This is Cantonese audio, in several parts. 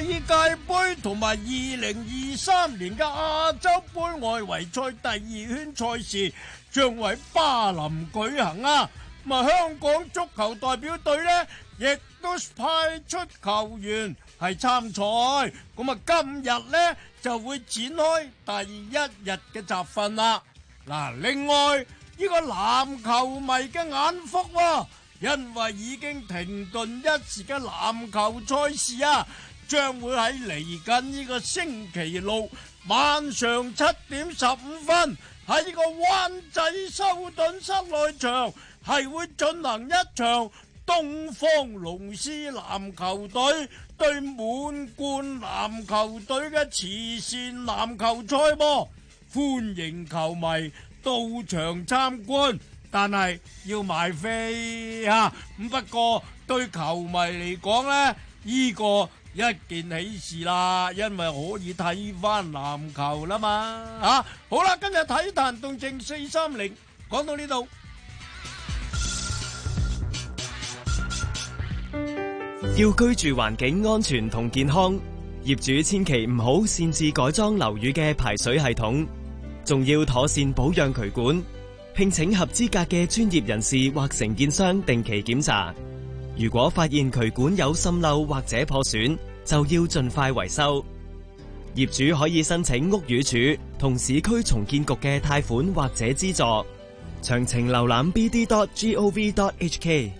世界杯同埋二零二三年嘅亞洲杯外圍賽第二圈賽事將會喺巴林舉行啊！咁啊，香港足球代表隊呢亦都派出球員係參賽。咁啊，今日呢就會展開第一日嘅集訓啦。嗱，另外呢，呢個籃球迷嘅眼福，啊，因為已經停頓一時嘅籃球賽事啊！將會喺嚟緊呢個星期六晚上七點十五分喺呢個灣仔修頓室內場係會進行一場東方龍獅籃球隊對滿貫籃球隊嘅慈善籃球賽噃。歡迎球迷到場參觀，但係要買飛吓咁。不過對球迷嚟講呢，呢個。一件喜事啦，因為可以睇翻籃球啦嘛，吓、啊、好啦，今日體壇動靜四三零講到呢度。要居住環境安全同健康，業主千祈唔好擅自改裝樓宇嘅排水系統，仲要妥善保養渠管，聘請合資格嘅專業人士或承建商定期檢查。如果發現渠管有滲漏或者破損，就要盡快維修。業主可以申請屋宇署同市區重建局嘅貸款或者資助。詳情瀏覽 bd.gov.hk。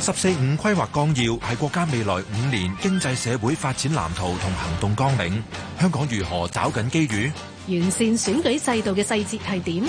十四五規劃綱要係國家未來五年經濟社會發展藍圖同行動綱領。香港如何抓緊機遇？完善選舉制度嘅細節係點？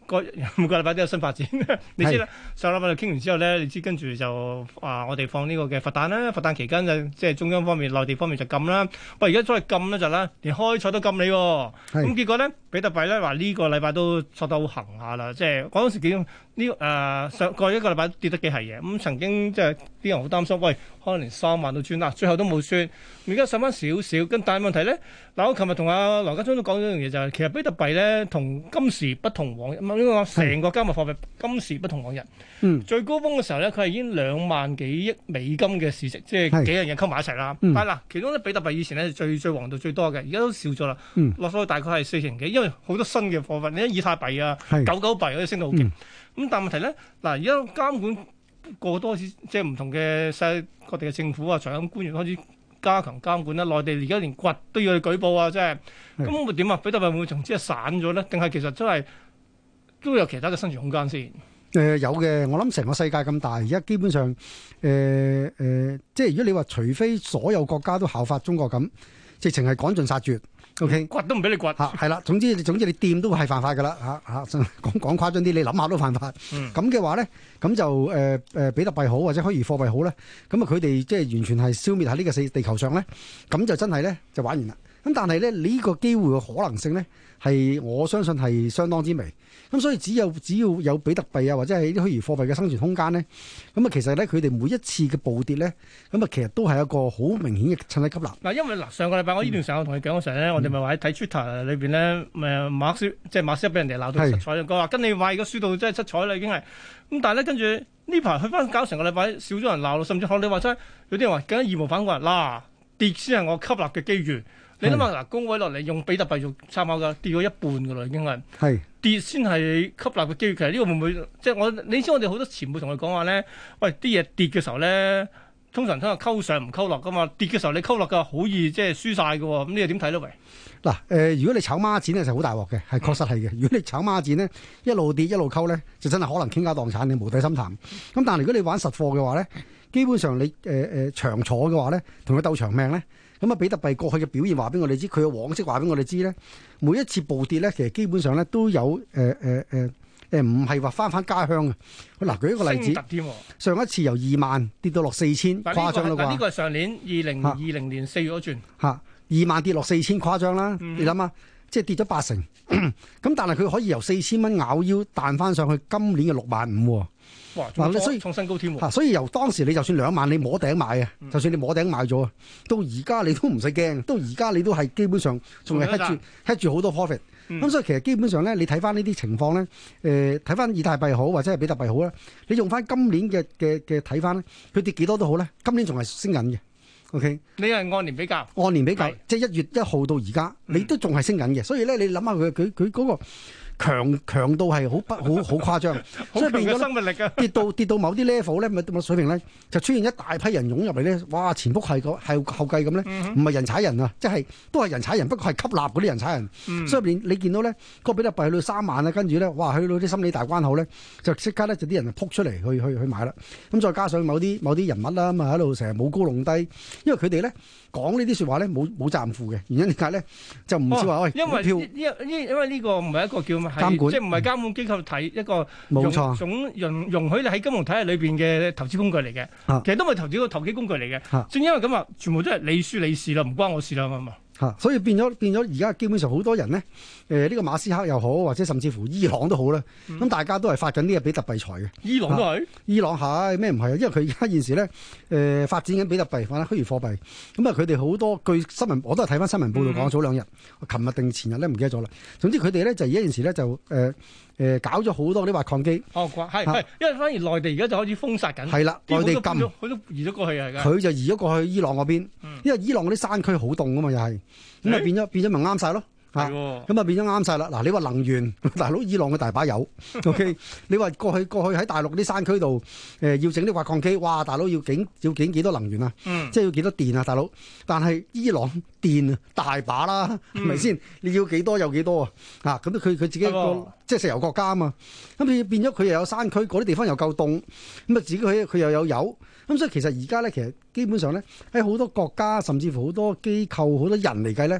個每個禮拜都有新發展，你知啦。上禮拜傾完之後咧，你知跟住就啊，我哋放呢個嘅佛誕啦。佛誕期間就即係中央方面、內地方面就禁啦。喂，而家再禁一陣啦，連開採都禁你。咁結果咧，比特幣咧話呢個禮拜都挫得好行下啦。即係嗰陣時幾呢誒上過一個禮拜跌得幾係嘢。咁曾經即係啲人好擔心，喂，可能連三萬都穿啦，最後都冇穿。而家上翻少少，跟但係問題咧，嗱我琴日同阿羅家聰都講咗一樣嘢，就係其實比特幣咧同今時不同往日。成個加密貨幣今時不同往日，嗯、最高峰嘅時候咧，佢係已經兩萬幾億美金嘅市值，即係幾樣嘢溝埋一齊、嗯、啦。但嗱，其中咧比特幣以前咧最最旺到最多嘅，而家都少咗啦，嗯、落咗大概係四成幾，因為好多新嘅貨幣，你睇以太幣啊、狗狗幣嗰啲升到好勁。咁、嗯、但問題咧，嗱而家監管過多次，即係唔同嘅世界各地嘅政府啊、財金官員開始加強監管啦。內地而家連掘都要去舉報啊，即係咁、嗯嗯、會點啊？比特幣會唔會從此散咗咧？定係其實真係？都有其他嘅生存空間先。誒、呃、有嘅，我諗成個世界咁大，而家基本上誒誒、呃呃，即係如果你話除非所有國家都效法中國咁，直情係趕盡殺絕，OK？掘、嗯、都唔俾你掘。嚇係啦，總之總之你掂都會係犯法噶啦嚇嚇。講講誇張啲，你諗下都犯法。嗯。咁嘅話咧，咁就誒誒、呃、比特幣好或者虛擬貨幣好咧，咁啊佢哋即係完全係消滅喺呢個四地球上咧，咁就真係咧就玩完啦。咁但係咧，呢、呢個機會嘅可能性呢，係我相信係相當之微。咁、啊、所以只有只要有比特幣啊，或者係啲虛擬貨幣嘅生存空間呢，咁啊其實呢，佢哋每一次嘅暴跌呢，咁啊其實都係一個好明顯嘅趁勢吸納。嗱，因為嗱上個禮拜我呢段時間同你講嘅時候咧，嗯、我哋咪話睇 Twitter 裏邊咧，誒馬斯即係、就是、馬斯克俾人哋鬧到七彩，佢話是跟你壞個輸到真係七彩啦已經係。咁但係呢，跟住呢排去翻搞成個禮拜少咗人鬧咯，甚至乎你話齋有啲人話更加義無反顧，嗱跌先係我吸納嘅機遇。你諗下，嗱，高位落嚟用比特幣做參考噶，跌咗一半噶啦，已經係跌先係是吸納嘅機會。其實呢個會唔會即係我？你知我哋好多前輩同佢講話咧，喂，啲嘢跌嘅時候咧，通常都係溝上唔溝落噶嘛。跌嘅時候你溝落嘅好易即係輸晒嘅喎。咁呢個點睇咧？喂，嗱，誒，如果你炒孖展咧，就係好大鑊嘅，係確實係嘅。如果你炒孖展呢，一路跌一路溝咧，就真係可能傾家蕩產你無底深潭。咁但係如果你玩實貨嘅話咧，基本上你誒誒長坐嘅話咧，同佢鬥長命咧。咁啊，比特幣過去嘅表現話俾我哋知，佢嘅往績話俾我哋知咧，每一次暴跌咧，其實基本上咧都有誒誒誒誒，唔係話翻返家鄉啊！嗱，舉一個例子，哦、上一次由二萬跌到落四千，誇張啦啩？呢個係上年二零二零年四月嗰轉嚇，二、啊啊、萬跌落四千，誇張啦！嗯、哼你諗下。即係跌咗八成，咁 但係佢可以由四千蚊咬腰彈翻上去今年嘅六萬五喎。哇！所以創新高添、啊、喎、啊。所以由當時你就算兩萬你摸頂買啊，嗯、就算你摸頂買咗，到而家你都唔使驚，到而家你都係基本上仲係吃住吃住好多 profit。咁、嗯嗯、所以其實基本上咧，你睇翻呢啲情況咧，誒睇翻以太幣好或者係比特幣好啦，你用翻今年嘅嘅嘅睇翻咧，佢跌幾多都好咧，今年仲係升緊嘅。O.K. 你係按年比較，按年比較，是即係一月一號到而家，你都仲係升緊嘅，所以咧，你諗下佢佢佢嗰個。強強度係好不好好誇張，好強嘅生命力嘅，跌到跌到某啲 level 咧，咪水平咧，就出現一大批人湧入嚟咧，哇！前仆係個係後繼咁咧，唔係人踩人啊，即係都係人踩人，不過係吸納嗰啲人踩人。所以入邊你見到咧，個比特幣去到三萬啦，跟住咧哇，去到啲心理大關口咧，就即刻咧就啲人就撲出嚟去去去買啦。咁再加上某啲某啲人物啦，咁啊喺度成日冇高弄低，因為佢哋咧講呢啲説話咧冇冇責任負嘅，原因點解咧就唔知話喂，因為因為呢個唔係一個叫是監管即係唔係監管機構睇一個，冇錯，總容容許你喺金融體系裏邊嘅投資工具嚟嘅。啊、其實都係投資個投機工具嚟嘅。啊、正因為咁話，全部都係你輸你事啦，唔關我事啦，咁啊嘛？嚇、啊！所以變咗變咗，而家基本上好多人咧，誒、呃、呢、這個馬斯克又好，或者甚至乎伊朗都好啦。咁、嗯、大家都係發緊啲嘢比特幣財嘅、啊。伊朗都係，伊朗係咩唔係啊？因為佢而家現時咧，誒、呃、發展緊比特幣，或者虛擬貨幣。咁、嗯、啊，佢哋好多據新聞，我都係睇返新聞報道講，早兩日，我琴日定前日咧，唔記得咗啦。總之佢哋咧就而家現時咧就誒。呃誒、嗯、搞咗好多啲挖礦機，哦，係係，啊、因為反而內地而家就開始封殺緊，係啦的，內地禁咗，佢金都移咗過去係㗎，佢就移咗過去伊朗嗰邊，嗯、因為伊朗嗰啲山區好凍啊嘛，又係，咁咪變咗、欸、變咗咪啱晒咯。吓咁 啊、嗯嗯、變咗啱晒啦！嗱、啊，你話能源，大佬伊朗嘅大把油。O.K. 你話過去過去喺大陸啲山區度，誒、呃、要整啲挖礦機，哇！大佬要景要景幾多能源啊？嗯、即係要幾多電啊，大佬。但係伊朗電大把啦，係咪先？你要幾多有幾多啊？ 啊咁，佢、嗯、佢、嗯嗯嗯嗯嗯嗯、自己個即係石油國家啊嘛。咁變變咗佢又有山區，嗰啲地方又夠凍，咁、嗯、啊自己佢佢又有油。咁所以其實而家咧，其實，其實基本上咧，喺好多國家甚至乎好多機構好多人嚟計咧。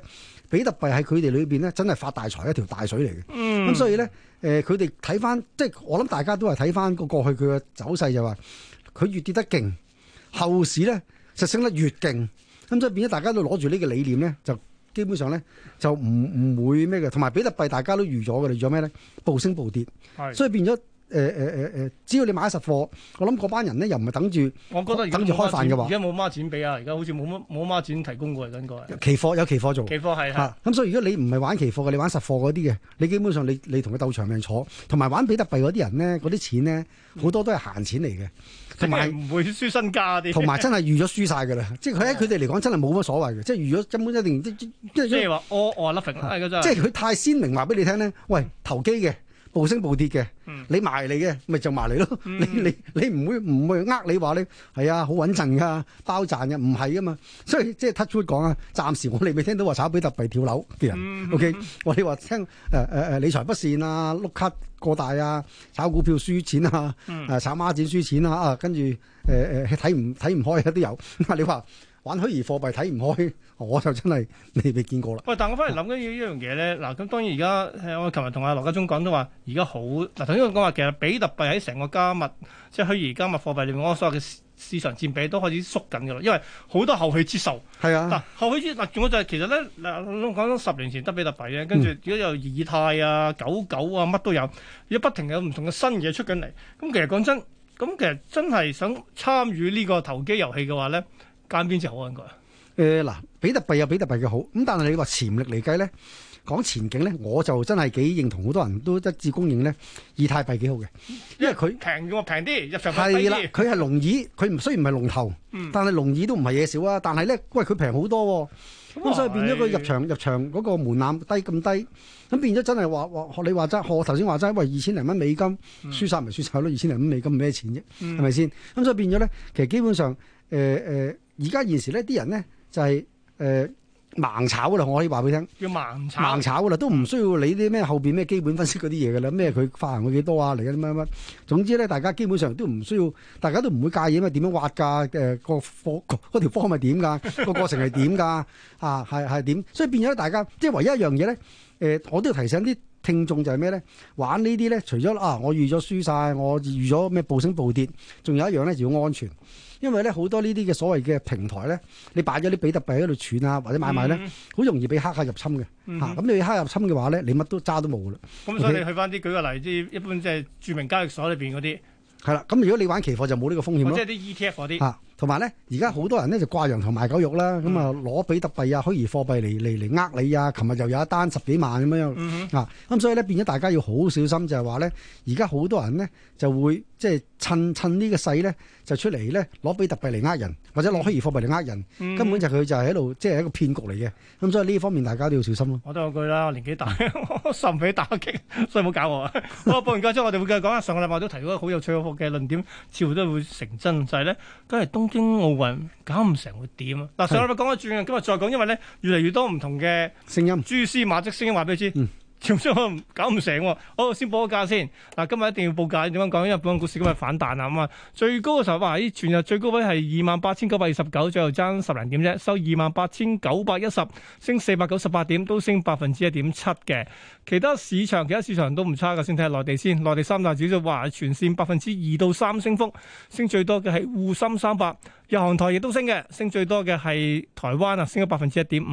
比特幣喺佢哋裏邊咧，真係發大財一條大水嚟嘅。咁、嗯嗯、所以咧，誒佢哋睇翻，即係我諗大家都係睇翻個過去佢嘅走勢就話，佢越跌得勁，後市咧就升得越勁。咁、嗯、所以變咗，大家都攞住呢個理念咧，就基本上咧就唔唔會咩嘅。同埋比特幣大家都預咗嘅，預咗咩咧？暴升暴跌，是所以變咗。誒誒誒誒，只要你買咗實貨，我諗嗰班人咧又唔係等住，我覺得等住開飯嘅喎。而家冇孖展俾啊，而家好似冇乜冇孖展提供過嚟，應該。期貨有期貨做，期貨係吓。咁的的所以如果你唔係玩期貨嘅，你玩實貨嗰啲嘅，你基本上你你同佢鬥長命坐，同埋玩比特幣嗰啲人咧，嗰啲錢咧好多都係閒錢嚟嘅，同埋唔會輸身家啲。同埋真係預咗輸晒噶啦，即係喺佢哋嚟講真係冇乜所謂嘅，即係如果根本一定即係即係話我我 lucky 嘅即係佢太鮮明，話俾你聽咧，喂，投機嘅。暴升暴跌嘅，你埋嚟嘅，咪就埋嚟咯。你你你唔會唔會呃你話你，係啊，好穩陣噶，包賺嘅，唔係噶嘛。所以即係 touch wood 講啊，暫時我哋未聽到話炒比特幣跳樓啲人。嗯、OK，我哋話聽誒誒誒理財不善啊，碌卡過大啊，炒股票輸錢啊，誒、嗯啊、炒孖展輸錢啊，跟住誒誒睇唔睇唔開啊，呃呃、開都有。 你話？玩虛擬貨幣睇唔開，我就真係未未見過啦。喂，但我翻嚟諗緊一一樣嘢咧。嗱、啊，咁當然而家我琴日同阿羅家聰講都話，而家好嗱，頭先我講話其實比特幣喺成個加密即係虛擬加密貨幣裏面，我所有嘅市場佔比都開始縮緊噶啦，因為好多後起之秀。係啊嗱，後起之嗱，仲有就係其實咧嗱，講緊十年前得比特幣咧，跟住如果有以太啊、狗狗啊乜都有，而家不停有唔同嘅新嘢出緊嚟。咁其實講真，咁其實真係想參與呢個投機遊戲嘅話咧。揀邊隻好啱佢啊？嗱、呃，比特幣有比特幣嘅好，咁但係你話潛力嚟計咧，講前景咧，我就真係幾認同好多人都一致公認咧，以太幣幾好嘅，因為佢平喎，平啲入場唔啦，佢係龍耳，佢唔雖然唔係龍頭，嗯、但係龍耳都唔係嘢少啊。但係咧，喂佢平好多、啊，咁、嗯、所以變咗個入場入場嗰個門檻低咁低，咁變咗真係話話學你話齋，我頭先話齋，喂二千零蚊美金輸晒咪輸晒咯，二千零蚊美金咩錢啫、啊，係咪先？咁、嗯、所以變咗咧，其實基本上誒誒。呃呃而家現時呢啲人呢、就是，就係誒盲炒啦，我可以話俾你聽，叫盲炒，盲炒啦，都唔需要理啲咩後邊咩基本分析嗰啲嘢噶啦，咩佢發行佢幾多啊嚟緊啲乜乜。總之呢，大家基本上都唔需要，大家都唔會介意咩嘛，點、呃、樣挖噶？誒個科個嗰條方係點噶？個過程係點噶？ 啊係係點？所以變咗大家即係唯一一樣嘢呢，誒、呃，我都要提醒啲聽眾就係咩呢？玩呢啲呢，除咗啊，我預咗輸晒，我預咗咩暴升暴跌，仲有一樣呢，就要安全。因為咧好多呢啲嘅所謂嘅平台咧，你擺咗啲比特幣喺度儲啊，或者買賣咧，好容易俾黑客入侵嘅嚇。咁、嗯哼啊、你黑客入侵嘅話咧，你乜都揸都冇噶啦。咁、嗯、哼 Okay? 所以你去翻啲舉個例，啲一般即係著名交易所裏邊嗰啲係啦。咁如果你玩期貨就冇呢個風險咯。哦、即係啲 ETF 嗰啲。啊。.同埋咧，而家好多人咧就掛羊頭賣狗肉啦，咁啊攞比特幣啊虛擬貨幣嚟嚟嚟呃你啊！琴日又有一單十幾萬咁樣樣啊，咁所以咧變咗大家要好小心，就係話咧，而家好多人咧就會即係趁趁呢個勢咧就出嚟咧攞比特幣嚟呃人，或者攞虛擬貨幣嚟呃人，嗯、哼根本就佢就係喺度即係一個騙局嚟嘅。咁所以呢方面大家都要小心咯、啊。我都有句啦，我年紀大，受唔起打擊，所以冇搞我。我播完講之後，我哋會繼續講啊。上個禮拜都提到好有趣嘅一個論點，似乎都會成真，就係、是、咧，都係東。京奧運搞唔成會點啊？嗱是，上一 part 講咗轉，今日再講，因為咧越嚟越多唔同嘅聲音，蛛絲馬跡聲音話俾你知。嗯 搞唔成喎、哦，好先報個價先。嗱，今日一定要報價，點樣講？因為本港股市今日反彈啊，咁、嗯、啊，最高嘅時候話，咦、啊，全日最高位係二萬八千九百二十九，最後爭十零點啫，收二萬八千九百一十，升四百九十八點，都升百分之一點七嘅。其他市場其他市場都唔差嘅，先睇下內地先。內地三大指數話、啊、全線百分之二到三升幅，升最多嘅係滬深三百，日韓台亦都升嘅，升最多嘅係台灣啊，升咗百分之一點五。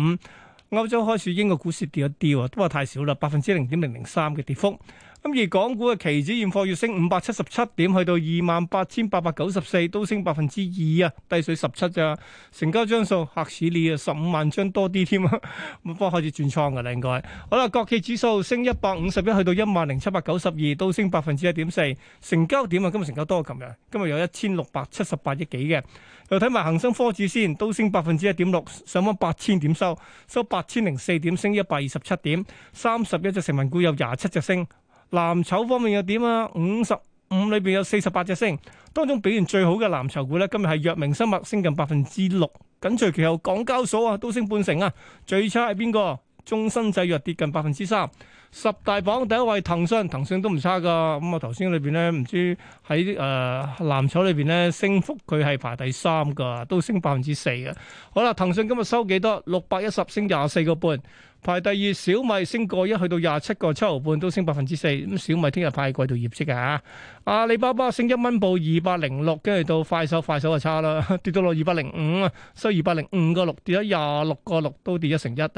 歐洲開市，英國股市跌一跌，都係太少啦，百分之零點零零三嘅跌幅。咁而港股嘅期指現貨要升五百七十七點，去到二萬八千八百九十四，都升百分之二啊，低水十七咋？成交張數嚇死你啊，十五萬張多啲添啊！咁 方開始轉倉噶啦，應該好啦。國企指數升一百五十一，去到一萬零七百九十二，都升百分之一點四。成交點啊，今日成交多過琴日，今日有一千六百七十八億幾嘅。又睇埋恒生科指先，都升百分之一點六，上返八千點收，收八千零四點，升一百二十七點，三十一隻成分股有廿七隻升。藍籌方面又點啊？五十五裏邊有四十八隻升，當中表現最好嘅藍籌股咧，今日係藥明生物升近百分之六，緊隨其後港交所啊都升半成啊，最差係邊個？中生製藥跌近百分之三，十大榜第一位騰訊，騰訊都唔差噶，咁啊頭先裏邊咧唔知喺誒藍籌裏邊咧升幅佢係排第三噶，都升百分之四嘅。好啦，騰訊今日收幾多？六百一十升廿四個半。排第二，小米升過一，去到廿七個七毫半，都升百分之四。咁小米聽日派季度業績嘅吓，阿里巴巴升一蚊，報二百零六，跟住到快手，快手就差啦，跌到落二百零五，收二百零五個六，跌咗廿六個六，都跌一成一。啊，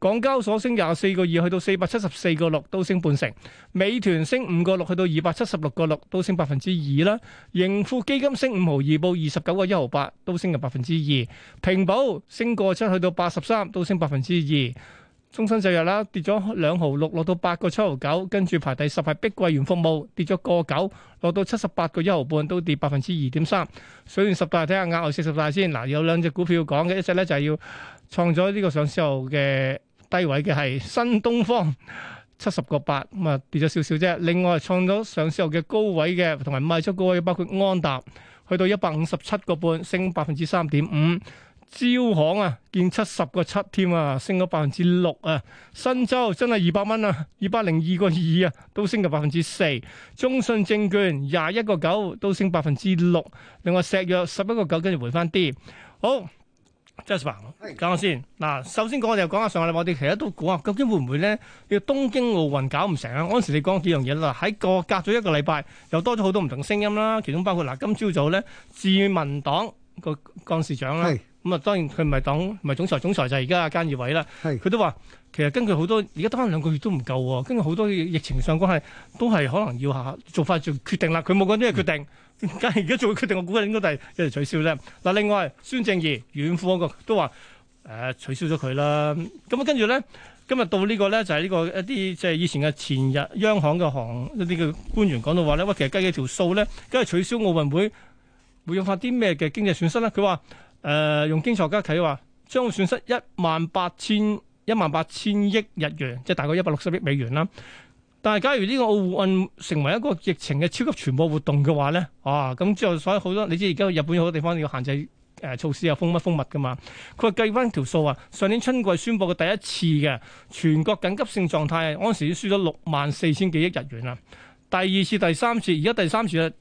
港交所升廿四個二，去到四百七十四個六，都升半成。美團升五個六，去到二百七十六個六，都升百分之二啦。盈富基金升五毫二，報二十九個一毫八，都升入百分之二。平保升過七，去到八十三，都升百分之二。中新製藥啦，跌咗兩毫六，落到八個七毫九，跟住排第十係碧桂園服務，跌咗個九，落到七十八個一毫半，都跌百分之二點三。睇完十大睇下額外四十大先，嗱，有兩隻股票要講嘅，一隻咧就係、是、要創咗呢個上市後嘅低位嘅係新東方，七十個八，咁啊跌咗少少啫。另外創咗上市後嘅高位嘅，同埋賣出高位嘅包括安踏，去到一百五十七個半，升百分之三點五。招行啊，見七十個七添啊，升咗百分之六啊。新洲真係二百蚊啊，二百零二個二啊，都升咗百分之四。中信證券廿一個九都升百分之六，另外石藥十一個九，跟住回翻啲。好，Jasper，講下先嗱。首先講我哋又講下上個禮拜，我哋其實都估啊，究竟會唔會咧？要、這個、東京奧運搞唔成啊。當時你講幾樣嘢啦，喺個隔咗一個禮拜又多咗好多唔同聲音啦，其中包括嗱，今朝早咧自民黨個幹事長啦。咁啊，當然佢唔係黨唔係總裁，總裁就係而家啊，菅義偉啦。佢都話其實根據好多而家得翻兩個月都唔夠喎、哦，根據好多疫情上關係都係可能要下做法做決定啦。佢冇講呢個決定，梗係而家做決定。我估計應該係一齊取消啫。嗱，另外孫正義遠富嗰、那個、都話誒、呃、取消咗佢啦。咁、嗯、啊，跟住咧今日到個呢個咧就係、是、呢個一啲即係以前嘅前日央行嘅行一啲嘅官員講到話咧，喂，其實計幾條數咧，梗係取消奧運會會有發啲咩嘅經濟損失咧？佢話。誒、呃，用經濟學家睇話，將會損失一萬八千一萬八千億日元，即、就、係、是、大概一百六十億美元啦。但係，假如呢個奧運成為一個疫情嘅超級傳播活動嘅話咧，哇、啊！咁之後所以好多，你知而家日本好多地方要限制誒、呃、措施又，有封乜封密㗎嘛。佢計翻條數啊，上年春季宣佈嘅第一次嘅全國緊急性狀態，當時已經輸咗六萬四千幾億日元啦。第二次、第三次，而家第三次啦，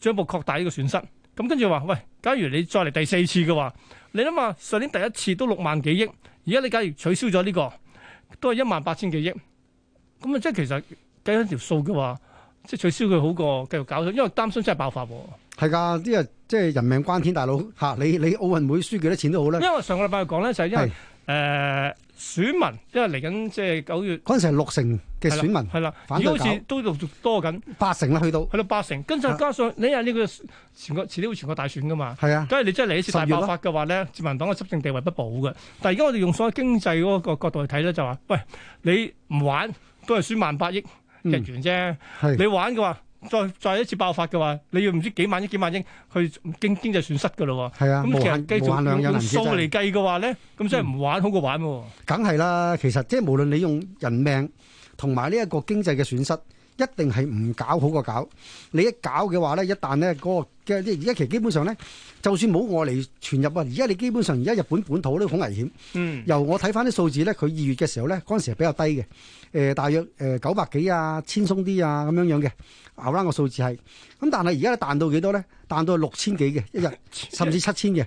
將會擴大呢個損失。咁跟住話，喂。假如你再嚟第四次嘅話，你諗下上年第一次都六萬幾億，而家你假如取消咗呢個，都係一萬八千幾億，咁啊即係其實計咗條數嘅話，即係取消佢好過繼續搞，因為擔心真係爆發喎。係㗎，呢個即係人命關天，大佬嚇你你奧運會輸幾多錢都好啦。因為上個禮拜講咧就係因為誒。是呃選民因為嚟緊，即係九月嗰陣時係六成嘅選民，係啦，而好似都仲多緊，八成啦去到，去到八成，跟住加上你又呢個全國遲啲會全國大選噶嘛，係啊的，咁啊你真係嚟一次大爆發嘅話咧，自民黨嘅執政地位不保嘅。但係而家我哋用所謂經濟嗰個角度去睇咧，就話喂，你唔玩都係輸萬八億日元啫，你玩嘅話。再再一次爆發嘅話，你要唔知幾萬億幾萬億去經經濟損失嘅咯喎。係啊，咁其實繼續用數嚟計嘅話咧，咁真係唔玩好過玩喎。梗係啦，其實即係無論你用人命同埋呢一個經濟嘅損失。一定係唔搞好過搞，你一搞嘅話咧，一旦咧嗰個即係而家其實基本上咧，就算冇外嚟傳入啊，而家你基本上而家日本本土都好危險。嗯，由我睇翻啲數字咧，佢二月嘅時候咧，嗰陣時係比較低嘅，誒、呃，大約誒九百幾啊，輕鬆啲啊咁樣樣嘅 around 個數字係。咁但係而家彈到幾多咧？彈到六千幾嘅一日，甚至七千嘅。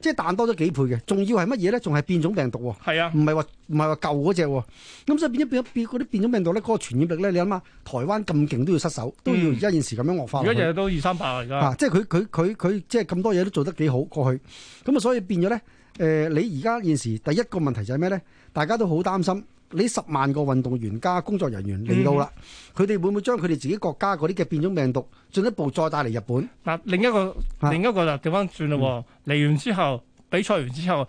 即係彈多咗幾倍嘅，仲要係乜嘢咧？仲係變種病毒喎、啊，唔係話唔係話舊嗰隻喎。咁所以變咗變變嗰啲變種病毒咧，嗰個傳染力咧，你諗下台灣咁勁都要失手，嗯、都要而家現時咁樣惡化。而家日日都二三百而家，嚇、啊啊！即係佢佢佢佢即係咁多嘢都做得幾好過去，咁啊所以變咗咧誒，你而家現時第一個問題就係咩咧？大家都好擔心。呢十萬個運動員加工作人員嚟到啦，佢哋、嗯、會唔會將佢哋自己國家嗰啲嘅變種病毒進一步再帶嚟日本？嗱，另一個、啊、另一個就調翻轉啦，嚟、嗯、完之後比賽完之後。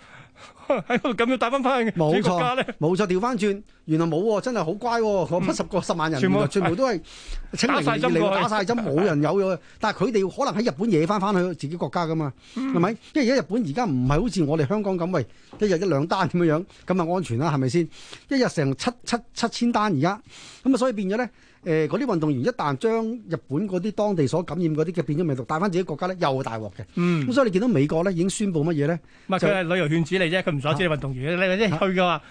喺度咁樣帶翻翻去，冇錯冇錯調翻轉，原來冇喎，真係好乖喎，七十個十萬人，全部都係清零，你哋打晒針冇人有咗，但係佢哋可能喺日本惹翻翻去自己國家噶嘛，係咪、嗯？因為而家日本而家唔係好似我哋香港咁，喂，一日一兩單咁樣樣，咁啊安全啦，係咪先？一日成七七七,七千單而家，咁啊所以變咗咧。誒嗰啲運動員一旦將日本嗰啲當地所感染嗰啲嘅變種病毒帶翻自己國家咧，又大鑊嘅。嗯，咁所以你見到美國咧已經宣布乜嘢咧？唔係佢係旅遊勸説嚟啫，佢唔阻止你運動員。啊、你嗰去嘅話，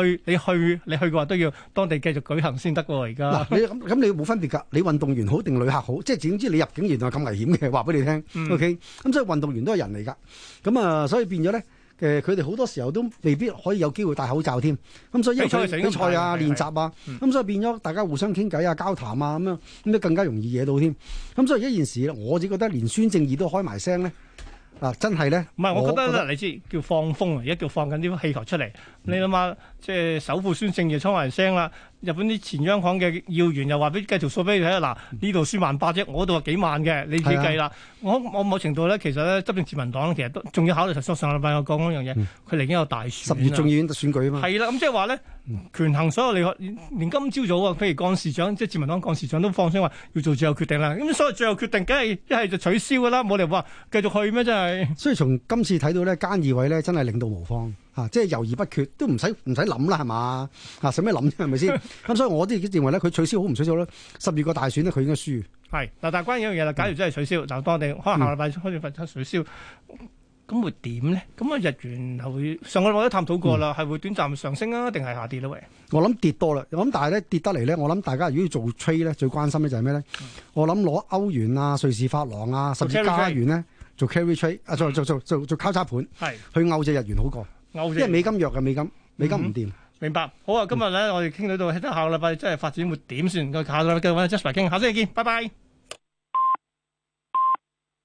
去你去你去嘅話都要當地繼續舉行先得喎。而家嗱，你咁咁你冇分別㗎。你運動員好定旅客好，即係點知你入境原來咁危險嘅，話俾你聽。O K，咁所以運動員都係人嚟㗎。咁啊，所以變咗咧。誒佢哋好多時候都未必可以有機會戴口罩添咁、嗯、所以一出去比賽啊、練習啊，咁、嗯、所以變咗大家互相傾偈啊、交談啊咁樣，咁都更加容易惹到添咁、嗯、所以一件事，我自己覺得連孫正義都開埋聲咧，嗱、啊、真係咧，唔係是我覺得，我覺得你知叫放風啊，而家叫放緊啲氣球出嚟，你諗下、嗯、即係首富孫正義開埋聲啦。日本啲前央行嘅要員又話俾計條數俾你睇啊！嗱，呢度輸萬八啫，我度係幾萬嘅，你自己計啦。是啊、我我某程度咧，其實咧，執政自民黨其實都仲要考慮。上上個禮拜我講嗰樣嘢，佢嚟、嗯、已經有大選。十月眾議院選舉啊嘛。係啦、啊，咁即係話咧，權衡所有你可，連今朝早啊，譬如幹事長，即係自民黨幹事長都放聲話要做最後決定啦。咁所以最後決定，梗係一係就取消噶啦，冇理由話繼續去咩？真係。所以從今次睇到呢，菅義偉呢，真係領導無方。 啊！即係猶豫不決，都唔使唔使諗啦，係嘛？嚇使咩諗啫？係咪先咁？所以我都認為咧，佢取消好唔取消咧？十二個大選咧，佢應該輸係嗱。但係關於呢樣嘢啦，假如真係取消嗱，嗯、當地可能下禮拜開始發生取消，咁、嗯、會點咧？咁啊，日元係會上個禮拜都探討過啦，係、嗯、會短暫上升啊，定係下跌咧、啊？喂，我諗跌多啦。我諗，但係咧跌得嚟咧，我諗大家如果要做 trade 咧，最關心咧就係咩咧？嗯、我諗攞歐元啊、瑞士法郎啊，甚至加元咧做 carry trade 啊，嗯、啊做做做做交叉盤係是去歐借日元好過。即係美金弱嘅美金，美金唔掂。明白，好啊！今日咧，嗯、我哋傾到到下個禮拜，即係發展會點算？個下個禮拜繼續 Justin 傾，下星期見，拜拜。